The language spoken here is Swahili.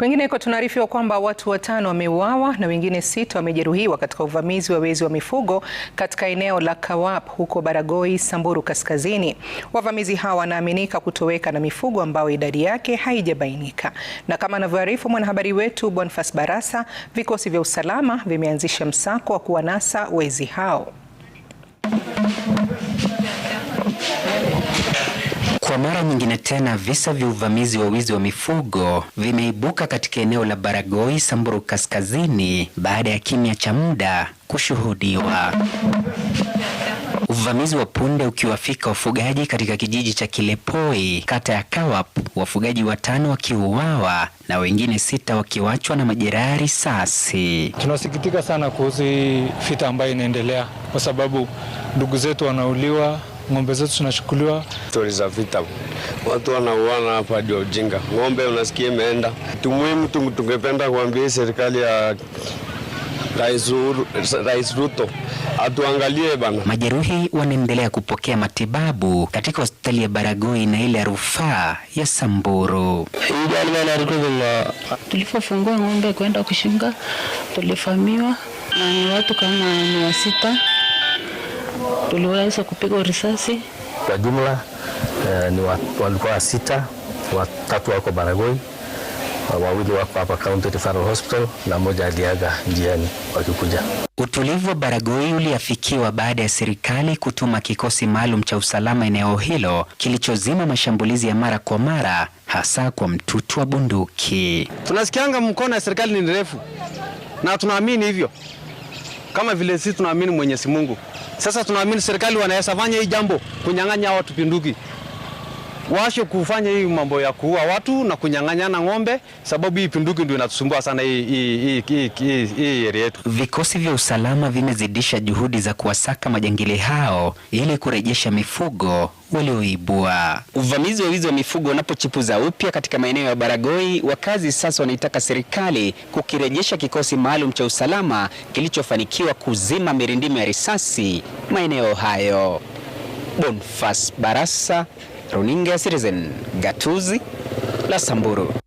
Kwingineko tunaarifiwa kwamba watu watano wameuawa na wengine sita wamejeruhiwa katika uvamizi wa wezi wa mifugo katika eneo la Kawap huko Baragoi, Samburu Kaskazini. Wavamizi hawa wanaaminika kutoweka na mifugo ambayo idadi yake haijabainika. Na kama anavyoarifu mwanahabari wetu Bonfas Barasa, vikosi vya usalama vimeanzisha msako wa kuwanasa wezi hao. Kwa mara nyingine tena visa vya uvamizi wa wizi wa mifugo vimeibuka katika eneo la Baragoi, Samburu Kaskazini baada ya kimya cha muda kushuhudiwa. Uvamizi wa punde ukiwafika wafugaji katika kijiji cha Kilepoi, kata ya Kawap, wafugaji watano wakiuawa na wengine sita wakiwachwa na majeraha risasi. Tunasikitika sana kuhusu hii vita ambayo inaendelea, kwa sababu ndugu zetu wanauliwa ng'ombe zetu zinachukuliwa. Stori za vita, watu wanauana hapa ndio ujinga. Ng'ombe unasikia imeenda. Tumuhimu tungependa kuambia serikali ya Rais, Rais Ruto atuangalie bana. Majeruhi wanaendelea kupokea matibabu katika hospitali ya Baragoi na ile ya rufaa ya Samburu. Tulipofungua ng'ombe kwenda kushinga tulifamiwa na ni watu kama ni wasita tuliweza kupigwa risasi? Kwa jumla eh, ni walikuwa sita, watatu wako Baragoi, wawili wako hapa County Referral Hospital na mmoja aliaga njiani wakikuja. Utulivu wa Baragoi uliafikiwa baada ya serikali kutuma kikosi maalum cha usalama eneo hilo kilichozima mashambulizi ya mara kwa mara hasa kwa mtutu wa bunduki. Tunasikianga mkono ya serikali ni ndefu na tunaamini hivyo, kama vile sisi tunaamini Mwenyezi Mungu. Sasa tunaamini serikali wanaweza fanya hii jambo kunyang'anya watu pinduki waache kufanya hii mambo ya kuua watu na kunyang'anyana ng'ombe, sababu hii pinduki ndio inatusumbua sana hii hii hii hii yetu. Vikosi vya usalama vimezidisha juhudi za kuwasaka majangili hao ili kurejesha mifugo walioibua. Uvamizi wa wizi wa mifugo unapochipuza upya katika maeneo ya Baragoi, wakazi sasa wanaitaka serikali kukirejesha kikosi maalum cha usalama kilichofanikiwa kuzima mirindimo ya risasi maeneo hayo. Bonfas Barasa Runinga ya Citizen, gatuzi la Samburu.